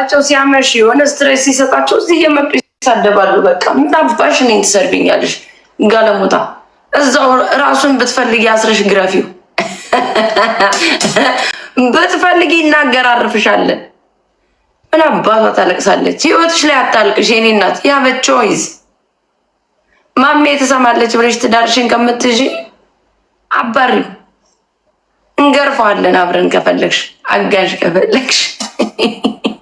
ሲያወጣቸው ሲያመሽ የሆነ ስትሬስ ሲሰጣቸው እዚህ እየመጡ ይሳደባሉ። በቃ ምን አባሽ እኔን ትሰድብኛለሽ? ጋለሞታ እዛው ራሱን ብትፈልጊ አስረሽ ግረፊው፣ ብትፈልጊ እናገራርፍሻለን። ምን አባቷ ታለቅሳለች? ህይወትሽ ላይ አታልቅሽ የኔ እናት። ያበ ማሜ ትሰማለች ብለሽ ትዳርሽን ከምትይዥ አባሪው እንገርፈዋለን አብረን ከፈለግሽ አጋዥ ከፈለግሽ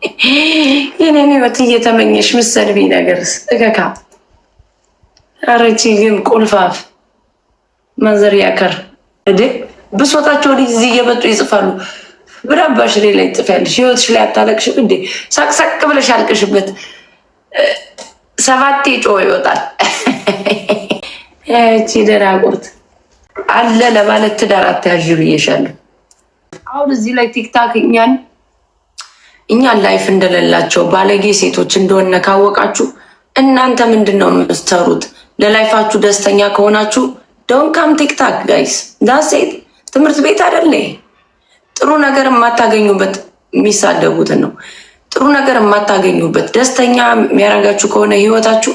የኔን ህይወት እየተመኘሽ ምሰልቢ ነገር እከካ አረቺ ግን ቁልፋፍ መንዘር ያከር እድ ብሶታቸው ልጅ እዚህ እየመጡ ይጽፋሉ። ብራባሽ ላይ ላይ ጽፊያለሽ ህይወትሽ ላይ አታለቅሽም እንዴ? ሳቅሳቅ ብለሽ አልቅሽበት። ሰባቴ ጮ ይወጣል። ቺ ደናቁርት አለ ለማለት ትዳር አታያዥ ብዬሻለሁ። አሁን እዚህ ላይ ቲክታክ እኛን እኛ ላይፍ እንደሌላቸው ባለጌ ሴቶች እንደሆነ ካወቃችሁ እናንተ ምንድን ነው የምትሰሩት? ለላይፋችሁ ደስተኛ ከሆናችሁ ዶንት ካም ቲክታክ ጋይስ ዳሴት ትምህርት ቤት አደለ ጥሩ ነገር የማታገኙበት የሚሳደቡትን ነው። ጥሩ ነገር የማታገኙበት ደስተኛ የሚያደርጋችሁ ከሆነ ህይወታችሁ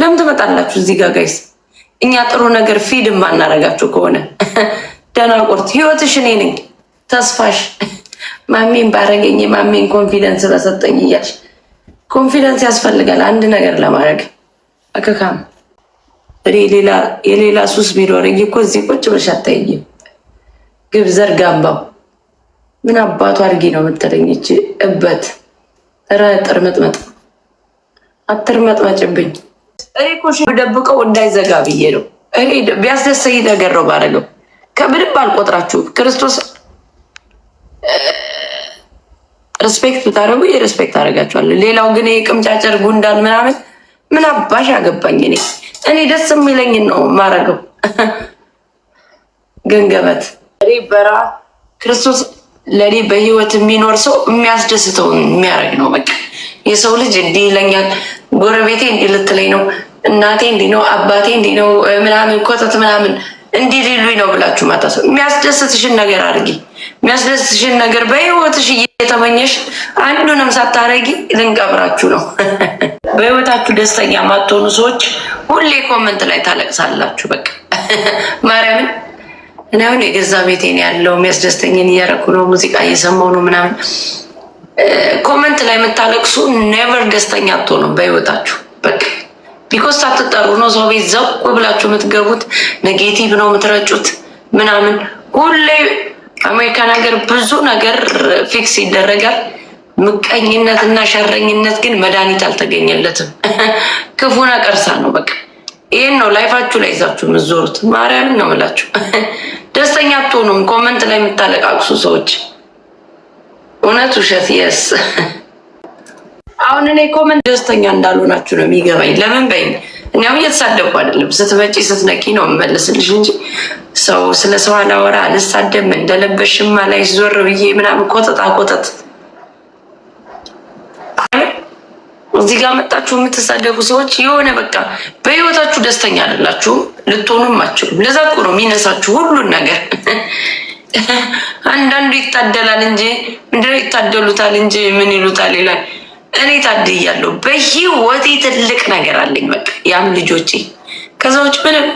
ለምን ትመጣላችሁ እዚህ ጋር ጋይስ? እኛ ጥሩ ነገር ፊድ የማናረጋችሁ ከሆነ ደናቁርት ህይወትሽ እኔ ነኝ ተስፋሽ ማሜን ባረገኝ ማሜን ኮንፊደንስ በሰጠኝ እያልሽ ኮንፊደንስ ያስፈልጋል አንድ ነገር ለማድረግ አከካም የሌላ ሱስ ቢኖረኝ እኮ እዚህ ቁጭ ብለሽ አታይኝም። ግብ ጋባው ምን አባቱ አድርጊ ነው የምትለኝ? እበት ረ ጥርምጥምጥ አትርመጥመጭብኝ። እኔ እኮ ደብቀው እንዳይዘጋ ብዬ ነው። እኔ ቢያስደሰኝ ነገር ነው ባደረገው ከምንም አልቆጥራችሁም ክርስቶስ ሪስፔክት ብታደረጉ የሪስፔክት አደረጋቸዋለሁ። ሌላው ግን ቅምጫጨር ጉንዳን ምናምን ምን አባሽ አገባኝ። እኔ እኔ ደስ የሚለኝን ነው ማረገው። ገንገበት በራ ክርስቶስ ለእኔ በህይወት የሚኖር ሰው የሚያስደስተውን የሚያደርግ ነው። በቃ የሰው ልጅ እንዲህ ይለኛል፣ ጎረቤቴ እንዲህ ልትለኝ ነው፣ እናቴ እንዲህ ነው፣ አባቴ እንዲህ ነው ምናምን፣ ኮተት ምናምን እንዲህ ሊሉኝ ነው ብላችሁ ማታ ሰው የሚያስደስትሽን ነገር አድርጌ። የሚያስደስሽን ነገር በህይወትሽ እየተመኘሽ አንዱንም ሳታረጊ ልንቀብራችሁ ነው። በህይወታችሁ ደስተኛ ማትሆኑ ሰዎች ሁሌ ኮመንት ላይ ታለቅሳላችሁ። በቃ ማርያምን እኔ አሁን የገዛ ቤቴን ያለው የሚያስደስተኝን እያረኩ ነው፣ ሙዚቃ እየሰማው ነው ምናምን። ኮመንት ላይ የምታለቅሱ ኔቨር ደስተኛ አትሆኑም በህይወታችሁ በቃ ቢኮስ ሳትጠሩ ነው ሰው ቤት ዘቁ ብላችሁ የምትገቡት። ኔጌቲቭ ነው የምትረጩት ምናምን ሁሌ አሜሪካ ነገር ብዙ ነገር ፊክስ ይደረጋል። ምቀኝነት እና ሸረኝነት ግን መድኃኒት አልተገኘለትም። ክፉና ቀርሳ ነው በቃ ይህን ነው ላይፋችሁ ላይ ይዛችሁ የምትዞሩት። ማርያምን ነው የምላችሁ። ደስተኛ አትሆኑም። ኮመንት ላይ የምታለቃቅሱ ሰዎች እውነት ውሸት የስ አሁን እኔ ኮመንት ደስተኛ እንዳልሆናችሁ ነው የሚገባኝ። ለምን በይኝ እኛም እየተሳደብኩ አይደለም። ስትመጪ ስትነቂ ነው የምመልስልሽ እንጂ ሰው ስለ ሰው አላወራ አልሳደም። እንደለበሽማ ላይ ዞር ብዬ ምናምን ቆጠጣ ቆጠጥ እዚህ ጋር መጣችሁ የምትሳደቡ ሰዎች የሆነ በቃ በህይወታችሁ ደስተኛ አይደላችሁም፣ ልትሆኑም አችሉም። ለዛ እኮ ነው የሚነሳችሁ ሁሉን ነገር። አንዳንዱ ይታደላል እንጂ ምንድነው ይታደሉታል እንጂ ምን ይሉታል ይላል። እኔ ታድያለሁ። በህይወቴ ትልቅ ነገር አለኝ። በቃ ያም ልጆቼ። ከዛ ምንም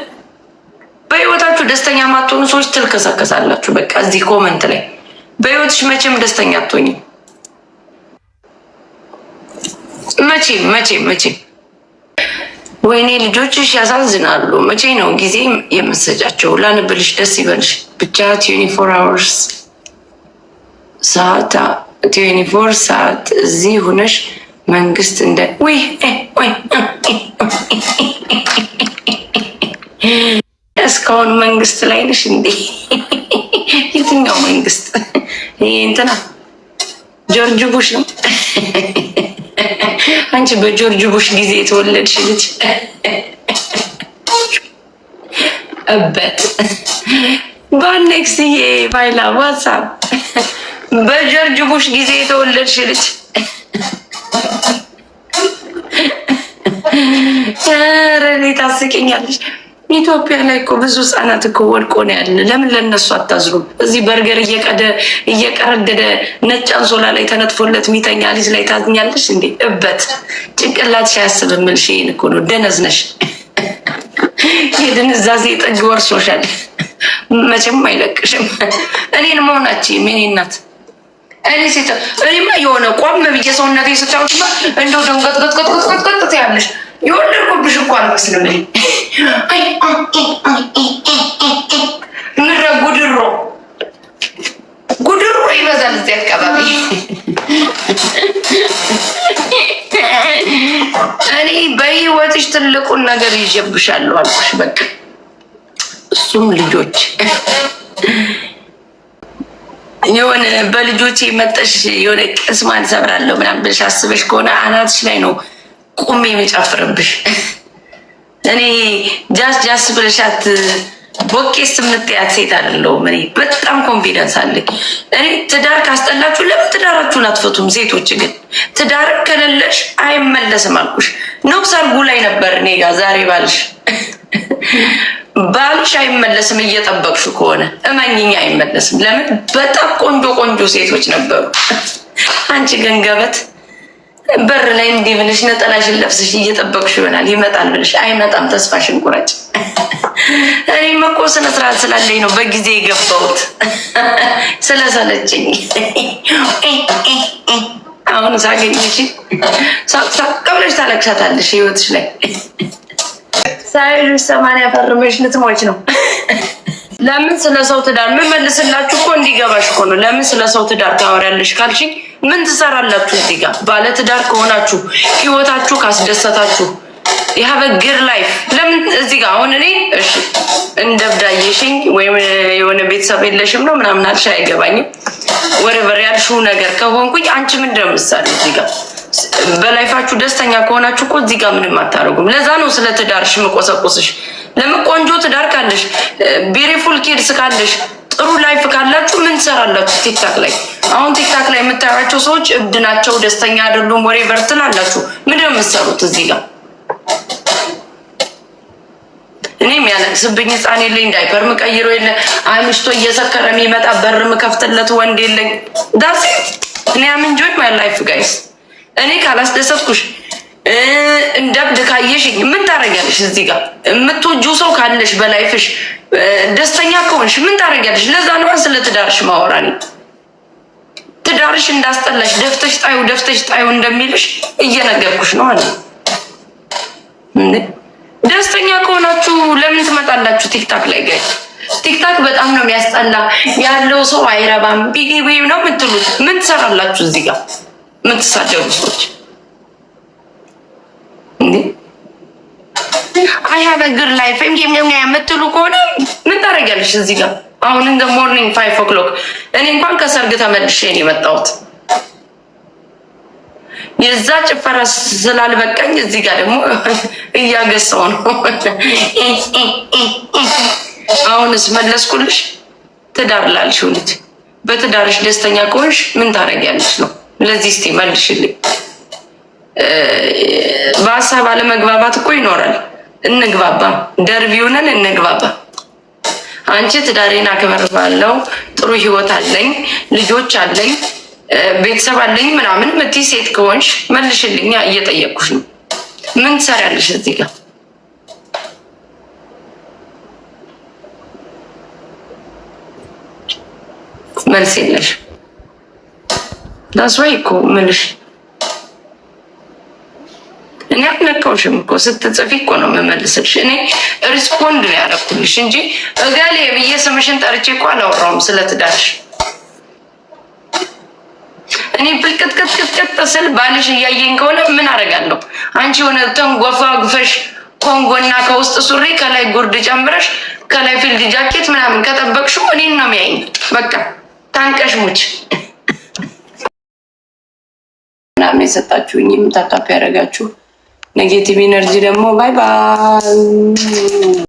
በህይወታችሁ ደስተኛ ማትሆኑ ሰዎች ትልከሰከሳላችሁ። በቃ እዚህ ኮመንት ላይ በህይወትሽ መቼም ደስተኛ አትሆኝም። መቼም መቼም መቼም። ወይኔ ልጆችሽ ያሳዝናሉ። መቼ ነው ጊዜ የምትሰጫቸው? ላንብልሽ፣ ደስ ይበልሽ። ብቻት ዩኒፎር አወርስ ሰዓት ዩኒፎር ሰዓት እዚህ ሁነሽ መንግስት እንደ ወይ እስካሁን መንግስት ላይ ነሽ እንዴ? የትኛው መንግስት? ይሄ እንትና ጆርጅ ቡሽ ነው። አንቺ በጆርጅ ቡሽ ጊዜ የተወለድሽ ልጅ እበት ባንክስ ይሄ ባይላ ዋትሳፕ በጀርጅ ጊዜ የተወለድሽ ልጅ ኧረ ታስቂኛለሽ። ኢትዮጵያ ላይ እኮ ብዙ ህጻናት እኮ ወድቆ ነው ያለ። ለምን ለነሱ አታዝሩ እዚህ በርገር እየቀረደደ ነጭ አንሶላ ላይ ተነጥፎለት ሚተኛ ልጅ ላይ ታዝኛለሽ እንዴ? እበት ጭንቅላትሽ አያስብም። እልሽ ይሄን እኮ ነው ደነዝነሽ። የድንዛዜ ጥግ ወርሶሻል። መቼም አይለቅሽም። እኔን መሆናችን የኔ እናት እኔ ሴት እኔማ የሆነ ቆም ብዬ ሰውነቴ ስታውትማ እንደው ደንገጥገጥገጥገጥገጥ ያለሽ የወለድኩብሽ እኮ አልመስልም። ምረ ጉድሮ ጉድሮ ይበዛል እዚህ አካባቢ። እኔ በህይወትሽ ትልቁን ነገር ይዤብሻለሁ አልኩሽ። በቃ እሱም ልጆች የሆነ በልጆች መጠሽ የሆነ ቅስማን ሰብራለሁ ምናምን ብለሽ አስበሽ ከሆነ አናትሽ ላይ ነው ቁሜ የመጨፍርብሽ። እኔ ጃስ ጃስ ብለሻት ቦቄስ የምትያት ሴት አይደለሁም። እኔ በጣም ኮንፊደንስ አለኝ። እኔ ትዳር ካስጠላችሁ ለምን ትዳራችሁን አትፈቱም? ሴቶች ግን ትዳር ከሌለሽ አይመለስም አልኩሽ ነው። ሰርጉ ላይ ነበር እኔ ጋር ዛሬ ባልሽ ባልሽ አይመለስም። እየጠበቅሹ ከሆነ እመኝኝ አይመለስም። ለምን በጣም ቆንጆ ቆንጆ ሴቶች ነበሩ። አንቺ ገንገበት በር ላይ እንዲህ ብልሽ ነጠላሽን ለብስሽ እየጠበቅሽ ይሆናል። ይመጣል ብልሽ አይመጣም። ተስፋሽን ቁረጭ። እኔም እኮ ስነ ስርዓት ስላለኝ ነው በጊዜ የገባሁት ስለሰለችኝ። አሁን ሳገኝሽ ሳቅ ብለሽ ታለቅሻታለሽ ህይወትሽ ላይ ሳይልሽ ሰማንያ ፈርመሽ ልትሞች ነው። ለምን ስለ ሰው ትዳር ምን መልስላችሁ እኮ እንዲገባሽ እኮ ነው። ለምን ስለ ሰው ትዳር ታወሪያለሽ ካልሽኝ ምን ትሰራላችሁ እዚህ ጋር? ባለ ትዳር ከሆናችሁ ህይወታችሁ ካስደሰታችሁ የሀበ ግር ላይፍ ለምን እዚህ ጋር አሁን እኔ እሺ እንደብዳየሽኝ ወይም የሆነ ቤተሰብ የለሽም ነው ምናምን አልሽ አይገባኝም። ወሬ በሬ ያልሽው ነገር ከሆንኩኝ አንቺ ምንድን ነው ምሳሌ እዚህ ጋር በላይፋችሁ ደስተኛ ከሆናችሁ እኮ እዚህ ጋር ምንም አታደርጉም። ለዛ ነው ስለ ትዳርሽ መቆሰቁስሽ። ለምን ቆንጆ ትዳር ካለሽ፣ ቢሪፉል ኪድስ ካለሽ፣ ጥሩ ላይፍ ካላችሁ ምን ትሰራላችሁ ቲክታክ ላይ? አሁን ቲክታክ ላይ የምታያቸው ሰዎች እብድ ናቸው፣ ደስተኛ አይደሉም፣ ወሬ በርትን አላችሁ። ምንድን ነው የምትሰሩት እዚህ ጋር? እኔም ያለቅስብኝ ህፃን የለኝ፣ ዳይፐር ምቀይሮ የለ፣ አምሽቶ እየሰከረ የሚመጣ በር ምከፍትለት ወንድ የለኝ። ዳሴ እኔ አምንጆች ማይ ላይፍ ጋይስ እኔ ካላስደሰትኩሽ እንደብድ እብድ ካየሽኝ ምን ታደርጊያለሽ? እዚህ ጋር የምትወጂው ሰው ካለሽ በላይፍሽ ደስተኛ ከሆንሽ ምን ታደርጊያለሽ? ለዛ ነዋ ስለ ትዳርሽ ማወራ ትዳርሽ እንዳስጠላሽ ደፍተሽ ጣዩ ደፍተሽ ጣዩ እንደሚልሽ እየነገርኩሽ ነው አለ። ደስተኛ ከሆናችሁ ለምን ትመጣላችሁ ቲክታክ ላይ ጋር? ቲክታክ በጣም ነው የሚያስጠላ። ያለው ሰው አይረባም ቢቢ ነው የምትሉት ምን ትሰራላችሁ እዚህ ጋር? የምትሳደቡ ሰዎች አይ ሀቭ ግድ ላይፍ ወይም የምትሉ ከሆነ ምን ታደርጊያለሽ እዚህ ጋር? አሁን እንደ ሞርኒንግ ፋይቭ ኦክሎክ እኔ እንኳን ከሰርግ ተመልሼ ነው የመጣሁት። የዛ ጭፈራ ስላልበቃኝ እዚህ ጋር ደግሞ እያገሳው ነው። አሁንስ መለስኩልሽ። ትዳር ላልሽ ልጅ በትዳርሽ ደስተኛ ከሆንሽ ምን ታደርጊያለሽ ነው ለዚህ እስቲ መልሽልኝ። በሀሳብ አለመግባባት እኮ ይኖራል። እንግባባ፣ ደርቢ ሆነን እንግባባ። አንቺ ትዳሬን አክበር ባለው ጥሩ ህይወት አለኝ፣ ልጆች አለኝ፣ ቤተሰብ አለኝ ምናምን ምትይ ሴት ከሆንሽ መልሽልኛ፣ እየጠየቅኩሽ ነው። ምን ትሰሪያለሽ እዚህ ጋር? መልስ ዳስዋይ እኮ ምልሽ እኔ አትነካውሽም እኮ ስትጽፊ እኮ ነው የምመልስልሽ። እኔ ሪስፖንድ ነው ያደረኩልሽ እንጂ እገሌ ብዬ ስምሽን ጠርቼ እኮ አላወራውም ስለ ትዳርሽ። እኔ ብልቅጥቅጥቅጥቅጥ ስል ባልሽ እያየኝ ከሆነ ምን አደርጋለሁ? አንቺ የሆነ ተንጎፋ ጉፈሽ ኮንጎና ከውስጥ ሱሪ ከላይ ጉርድ ጨምረሽ ከላይ ፊልድ ጃኬት ምናምን ከጠበቅሽው እኔን ነው የሚያይኝ። በቃ ታንቀሽ ሙች ምናምን የሰጣችሁኝም ታፕታፕ ያደረጋችሁ ኔጌቲቭ ኢነርጂ ደግሞ ባይ ባይ